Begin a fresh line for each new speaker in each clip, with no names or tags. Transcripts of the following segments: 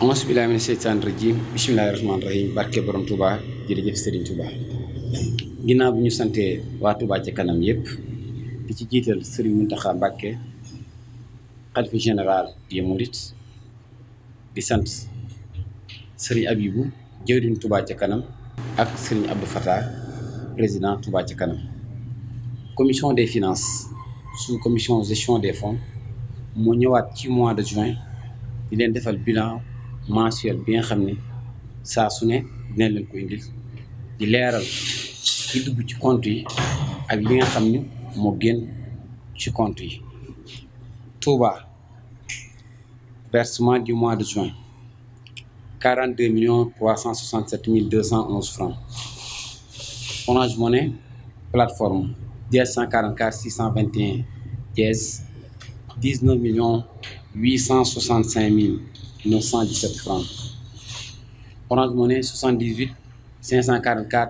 auzu billaahi mina seytaani ji bismillaahi rahmaani rahiim barke borom Touba jërëjëf Serigne Touba ginnaaw bi ñu santee waa Touba ca kanam yëpp di ci jiital Serigne Mountakha Mbacké xalifa général des Mourides di sant Serigne Abibou jëwriñ Touba ca kanam ak Serigne Abdou Fattah président Touba ca kanam commission des finances su commission gestion des fonds moo ñëwaat ci mois de juin di leen defal bilan mensuel bi nga xam ne saa su ne dina leen ko indil di leeral li dugg ci compte yi ak li nga xam ne moo génn ci compte yi Touba versement du mois de juin 42 millions 367 mille 211 francs Orange Money plateforme 244 621 dièse 19 millions 865 mille 917 francs Orange Money 78 544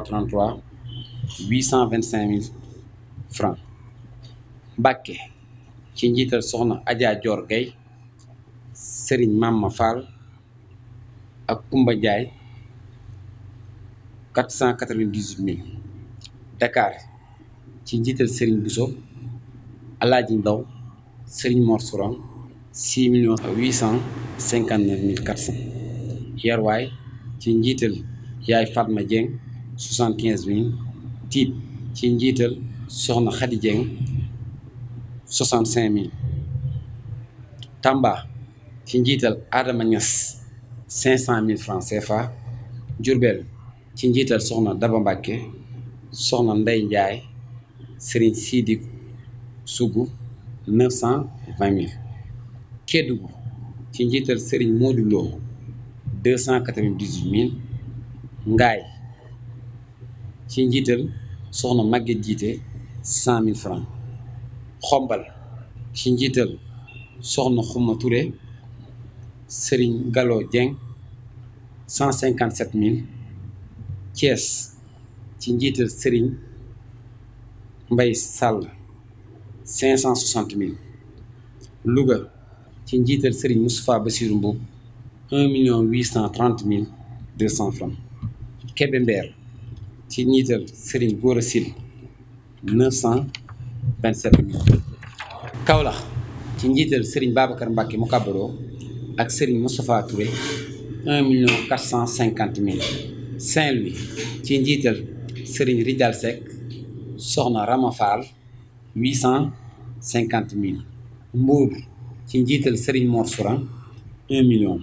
33 33 825 000 francs Mbàkke ci njiital soxna Adja Dior Gueye Serigne Mama Fall ak Kumba Ndiaye 498 ci njiital Serigne Bousso Alaaji Ndaw Serigne Mor six millions huit cent cinquante ci njiital yaay Fatma Dieng Tiit ci njiital soxna Khady Dieng soixante Tamba ci njiital Adama Niass cinq cent mille francs fa Diourbel ci njiital soxna Daba Mbacke soxna Ndey Ndiaye Serigne Sidi Sougou Kédougou ci njiital Serigne Modou Lo deux cent quatre vingt dix Ngaay ci njiital Soxna Maguette Jiite cent mille francs Xombal ci njiital Soxna Xuma Touré Serigne Gallo Dieng cent cinquante-sept mille Thiès ci njiital sëriñ Mbaye Sall cinq cent soixante mille Louga ci njiital Serigne Moustapha Bassirou Mboub million huit cent trente mille deux cent francs Kébé ci njiital Serigne Gora Syll ci njiital Serigne Babacar Mbacké mu kàbbaroo ak Serigne Moustapha Touré un cent cinquante mille saint ci njiital Serigne Rijal Seck Soxna Rama Fall ci njiital Serigne Mor Souran un million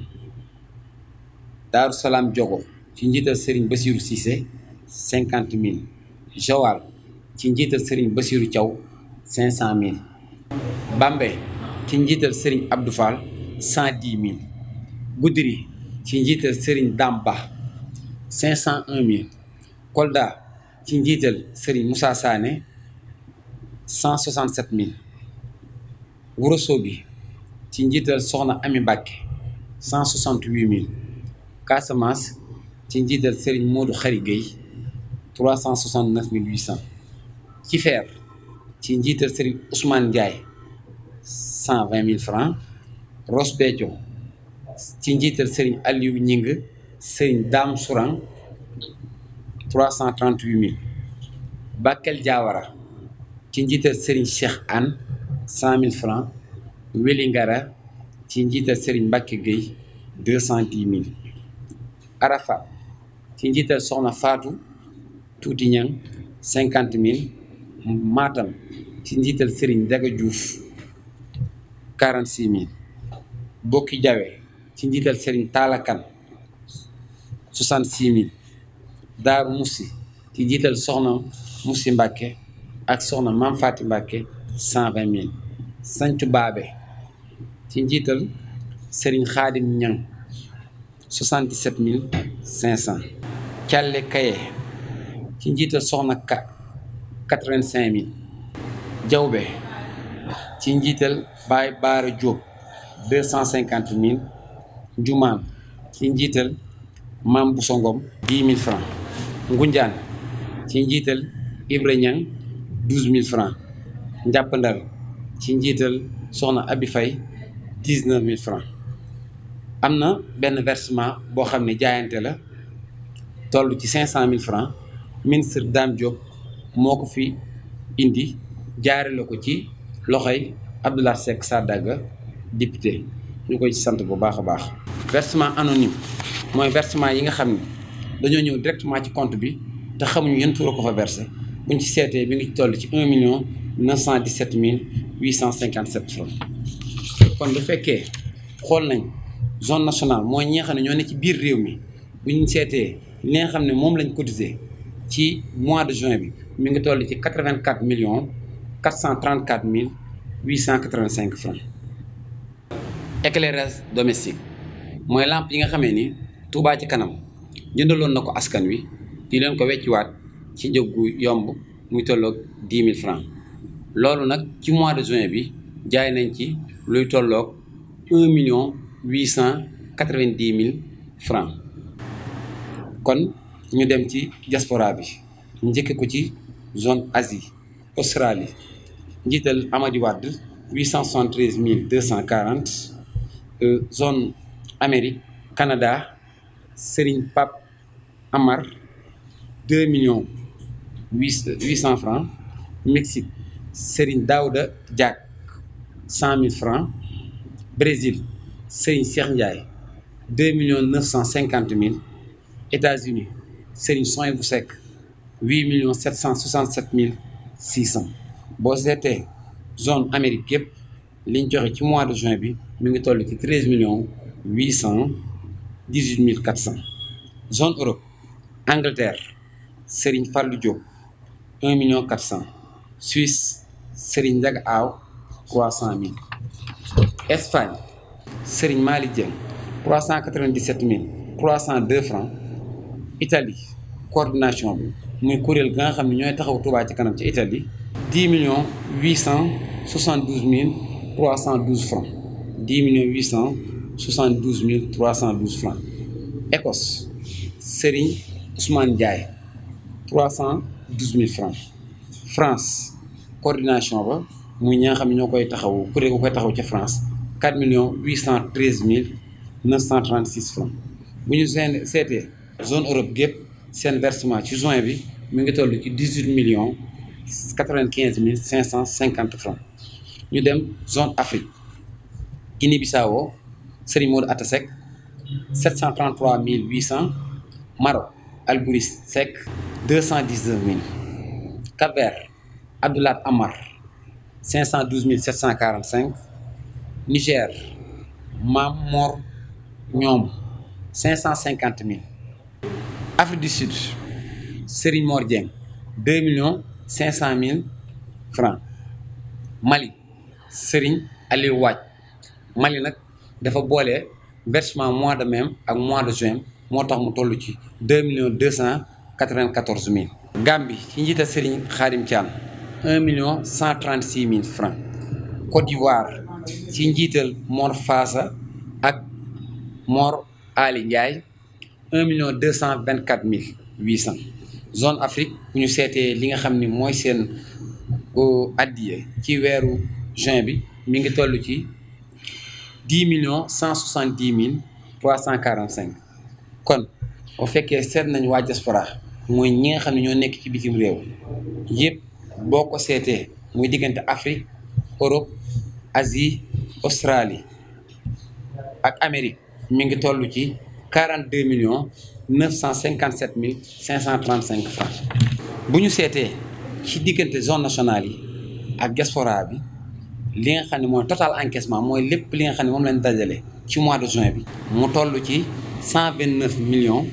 Jogo ci njiital Serigne Bassirou Cissé cinquante mille Joal ci njiital Serigne Bassirou caw cinq cent mille Bambey ci njiital Serigne Abdou cent dix mille Goudiri ci njiital Serigne Dame Ba cinq cent Kolda ci njiital Serigne Moussa cent soixante sept mille Ourossogui ci njiital soxna Ami Mbàkke cent soixante-huit mille Casamance ci njiital sëriñ Moodu Xari Gueye cent soixante-neuf mille huit cent ci feer ci njiital sëriñ Ousmane Ndiaye cent vingt mille francs Ross ci njiital sëriñ Aliou Ñing sëriñ Dame Sourang trois cent mille Bakel Diawara ci njiital sëriñ Cheikh Anne cent mille francs Wélingara ci njiital Serigne Mbacke Gueye deux cent ci njiital Soxna Fatou Tuuti Ñang cinquante mille Matam ci njiital Serigne Daga Diouf quarante six mille Bokki Jawe ci njiital Serigne Talla Kane soixante six mille Daaru Moussi ci njiital Soxna Moussi Mbacke ak Soxna Mam Faati Mbacke cent vingt mille Sancu Baabe ci njiital Serigne Khadim Niang 77 500. ci njiital Soxna Ka 85 000. Diawbe ci njiital Baye Baara Diop 250 ci njiital Maam Bousso Ngom 10 francs. Ngunjaan ci njiital Ibra Niang 12 000 francs. Njàppandal ci njiital Soxna Abi dix neuf mille francs am na benn versement boo xam ne jaayante la toll ci cinq cent mille francs ministre Dame Diop moo ko fi indi jaare ko ci loxoy Abdoulaye Seck Sadaga député ñu koy sant bu baax a baax versement anonyme mooy versement yi nga xam ne dañoo ñëw directement ci compte bi te xamuñu yan tuura ko fa versé buñ ci seetee bi ngi ci toll ci un million neuf cent dix-sept mille huit cent cinquante-sept francs kon bu fekkee xool nañ zone nationale mooy ñi nga ñoo ne ci biir réew mi bu seetee li nga xam ne moom lañ cotisé ci mois de juin bi mi ngi toll ci quatre vingt quatre millions quatre cent trente quatre mille huit cent quatre vingt cinq francs. éclairage domestique mooy lampe yi nga xamee ni Touba ci kanam jëndaloon na ko askan wi di leen ko wecciwaat ci njëg gu yomb muy tolloog dix mille francs loolu nag ci mois de juin bi jaay nañ ci. luy tolloog un million huit cent quatre mille francs kon ñu dem ci diaspora bi njëkke ko ci zone Asie Australie njiital Amady Wade huit cent soixante quarante euh, zone Amérique Canada Serigne Pape Amar deux millions huit cent francs Mexique Serigne cent mille francs Brésil Serigne Cheikh Ndiaye deux millions cent cinquante mille États-Unis Serigne Souhaïbou Seck huit millions cent soixante sept mille six cent boo seetee zone Amérique yëpp liñ joxe ci mois de juin bi mi ngi toll ci treize millions huit cent dix mille quatre cent zone Europe Angleterre Serigne Fallou Diop un million quatre cent Suisse Serigne Ndiaga Aw trois cent mille Espagne Serigne Malick Dieng trois cent quatre mille trois cent deux francs Italie coordination bi muy kuréel ga nga xam ne ñooy taxaw Touba ci kanam ci Italie dix million huit cent soixante-douze mille trois cent douze francs dix millions huit cent mille trois cent douze francs Écosse Serigne Ousmane Ndiaye trois cent douze mille francs France coordination ba mu ñi xam ñoo koy taxaw kuréel gu koy taxaw ca France quatre millions huit cent treize mille neuf cent trente six francs bu ñu seen seetee zone Europe gépp seen versement ci juin bi mu ngi toll ci dix huit millions quatre vingt quinze mille cinq cent cinquante francs ñu dem zone Afrique Guinée Bissau Serigne Modou Atta Seck sept cent trente trois mille huit cent Maroc Albouris Seck deux cent dix neuf mille Cap-Vert Amar 512 745 Niger mam Mor ñoom 550 000 Afrique du Sud Serigne Mor Dieng 2 millions 500 000 francs Mali Serigne Aliou Waaj Mali nag dafa boole versement mois de mai ak mois de juin moo tax mu toll ci 2 millions 294 000 Gambie ci njiital Serigne Khadim Thiam un million cent trente six mille francs Côte d'Ivoire ci njiital Mor Fassa ak Mor Ali un million deux cent vingt quatre mille huit cent zone Afrique bu ñu seete li nga xam ni mooy seen addiye ci weeru juin bi mi ngi toll ci dix millions cent soixante dix mille trois cent quarante cinq kon bu fekkee seet nañ waa diaspora mooy ñi nga xam ne ñoo nekk ci bitim réew yëpp boo ko seetee muy diggante Afrique Europe Asie Australie ak Amérique mu ngi toll ci quarante deux millions neuf cent cinquante mille cinq cent trente cinq francs bu ñu seetee ci diggante zone nationale yi ak diaspora bi li nga xam ne mooy total encaissement mooy lépp li nga xam ne moom lañ dajale ci mois de juin bi mu toll ci cent vingt millions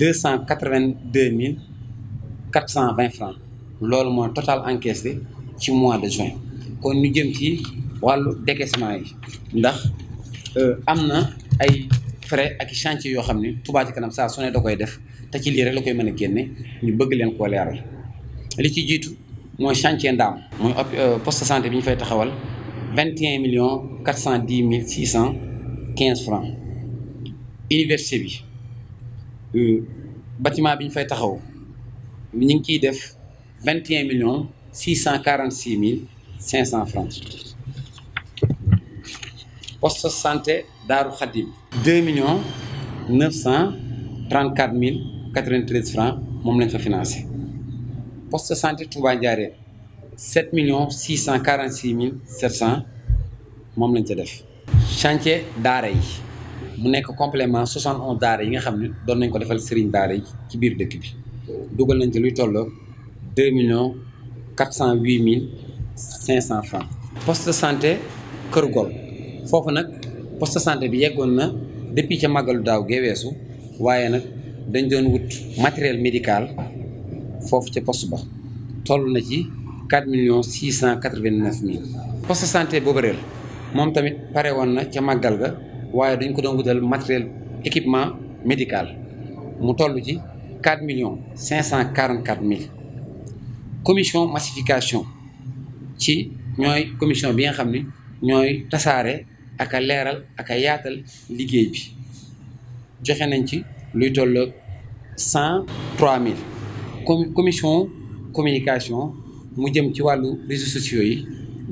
deux cent quatre vingt deux mille cent vingt francs loolu mooy total encaissé ci mois de juin kon ñu jëm ci wàllu décaissement yi ndax euh, am na ay frais ak i chantier yoo xam ne Touba Ca Kanam saa su ne da koy def te ci lii rek la koy mën a génne ñu bëgg leen koo leeral li ci jiitu mooy chantier ndaam mooy euh, poste santé bi ñu fay taxawal vingt et un millions quatre cent dix mille six cent quinze francs université bi euh, batiment bi ñu fay taxaw ñu ngi ciy def vingt et un millions six cent quarante six mille cinq cent francs poste santé Daaru Xadim deux millions neuf cent trente quatre mille quatre vingt treize francs moom lañ fa financé poste santé Touba Ndiarène sept millions six cent quarante six mille sept cent moom lañ ca def chantier daara yi mu nekk complément 71 daara yi nga xam ni doon nañ ko defal sëriñ daara yi ci biir dëkk bi dugal nañ ci luy tolloog deux millions quatre cent huit mille cinq cent francs poste de santé Kër Gol foofu nag poste de santé bi yeggoon na depuis ca màggalu daaw gee weesu waaye nag dañ doon wut matériel médical foofu ca poste ba toll na ci quatre millions six cent quatre vingt neuf mille poste de santé boobu réel moom tamit pare woon na ca màggal ga waaye dañ ko doon wutal matériel équipement médical mu toll ci quatre millions cinq cent quarante quatre mille commission massification ci ñooy commission bi nga xam ni ñooy tasaare ak leeral ak yaatal liggéey bi joxe nañ ci luy tolloog cent trois mille commission communication mu jëm ci wàllu réseaux sociaux yi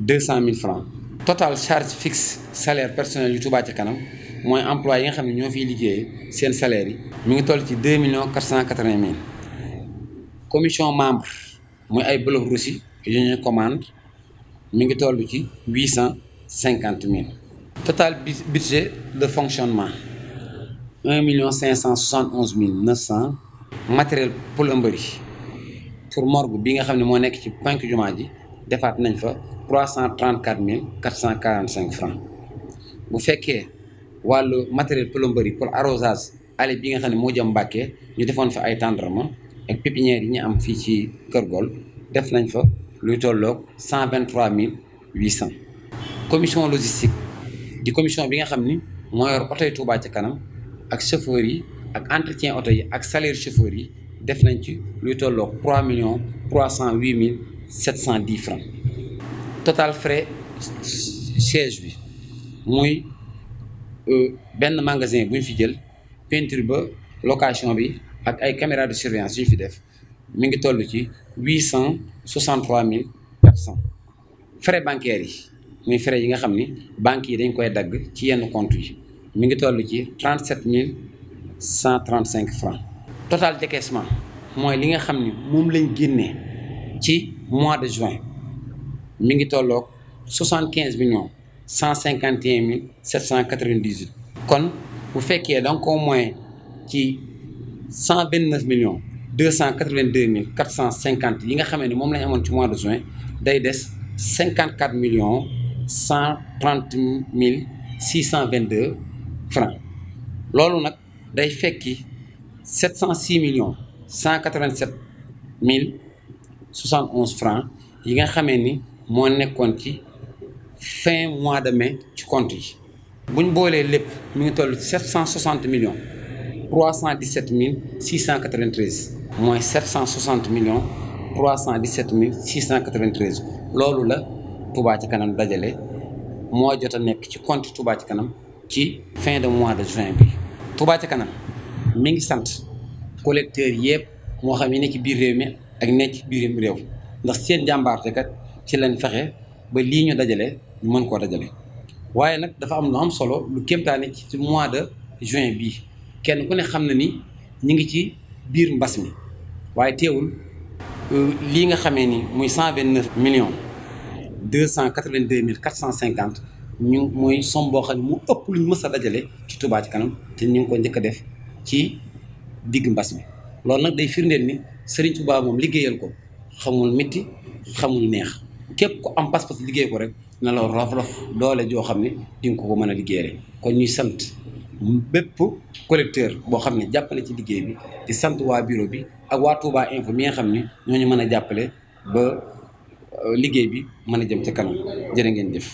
deux cent mille francs total charge fixe salaire personnel yu Touba ca kanam mooy emploi yi nga xam ne ñoo fiy liggéey seen salaire yi mi ngi toll ci deux millions quatre cent quatre-vingt commission membre muy ay bloc russie yu ñu commande mi ngi toll ci huit cent cinquante mil total budget de fonctionnement un million cinq cent soixante onze mille neuf cent. matériel plomberie pour morgue bi nga xam ne moo nekk ci penk jumaa ji defaat nañ fa trois cent trente quatre mille quatre cent quarante cinq francs bu fekkee wàllu matériel plomberie pour arrosage allée bi nga xam ne moo jëm Mbàkke ñu defoon fa ay tendrement ak pépinière yi ñu am fii ci Kër Gol def nañ fa luy tolloog cent vingt trois mille huit cent. commission logistique di commission bi nga xam ni moo yor oto yi Touba ca kanam ak chauffeur yi ak entretien oto yi ak salaire chauffeur yi def nañ ci luy tolloog trois millions trois cent huit mille sept cent dix francs. total frais siège bi muy euh, benn magasin bu ñu fi jël peinture ba location bi. ak ay caméra de surveillance yu fi def mi ngi tollu ci huit cent soixante trois mille quatre cent frais bancaires yi muy frais yi nga xam ni banques yi dañ koy dagg ci yenn compte yi mi ngi toll ci trente sept mille cent trente cinq francs total décaissement mooy li nga xam ni moom lañ génnee ci mois de juin mi ngi tolloog soixante quinze millions cent cinquante et un mille sept cent quatre vingt dix huit kon bu fekkee da nga ko ci cent vingt neuf millions cent quatre deux mille quatre cent cinquante yi nga xamee ne moom lañ amoon ci mois de juin day des cinquante quatre millions cent trente mille six cent vingt deux francs loolu nag day fekki sept cent six millions cent quatre vingt mille soixante onze francs yi nga xame ni moo nekkoon ci fin mois de mai ci compte yi buñ boolee lépp mu ngi toll sept cent soixante millions cent 317 mille 693 mooy 760 millions 317 mille 693 loolu la Touba ci kanam dajale moo jot a nekk ci compte Touba ci kanam ci fin de mois de juin bi. Touba ci kanam mi ngi sant collecteurs yëpp moo xam ne nekk ci biir réew mi ak nekk ci biir réew ndax seen jàmbaarte kat ci lañ fexe ba lii ñu dajale ñu mën koo dajale waaye nag dafa am lu am solo lu kéemtaane ci mois de juin bii. kenn ku ne xam na ni ñu ngi ci biir mbas mi waaye teewul euh, lii nga xamee ni muy cent vingt neuf millions cent quatre vingt deux mille quatre cent cinquante mooy somme boo xam ne mu ëpp luñ mës a dajale ci Touba ci kanam te ñu ngi ko njëkk a def ci digg mbas mi loolu nag day firndeel ni Serigne Touba moom liggéeyal ko xamul métti xamul neex képp ku am pas-pas liggéey ko rek na la rof rof doole joo xam ne di ko ko mën a liggéeyale kon ñuy sant bépp collecteur boo xam ne jàppale ci liggéey bi di sant waa bureau bi ak waa Touba Info mi nga xam ne ñooñu mën a jàppale ba euh, liggéey bi mën a jëm ca kanam jërë ngeen jëf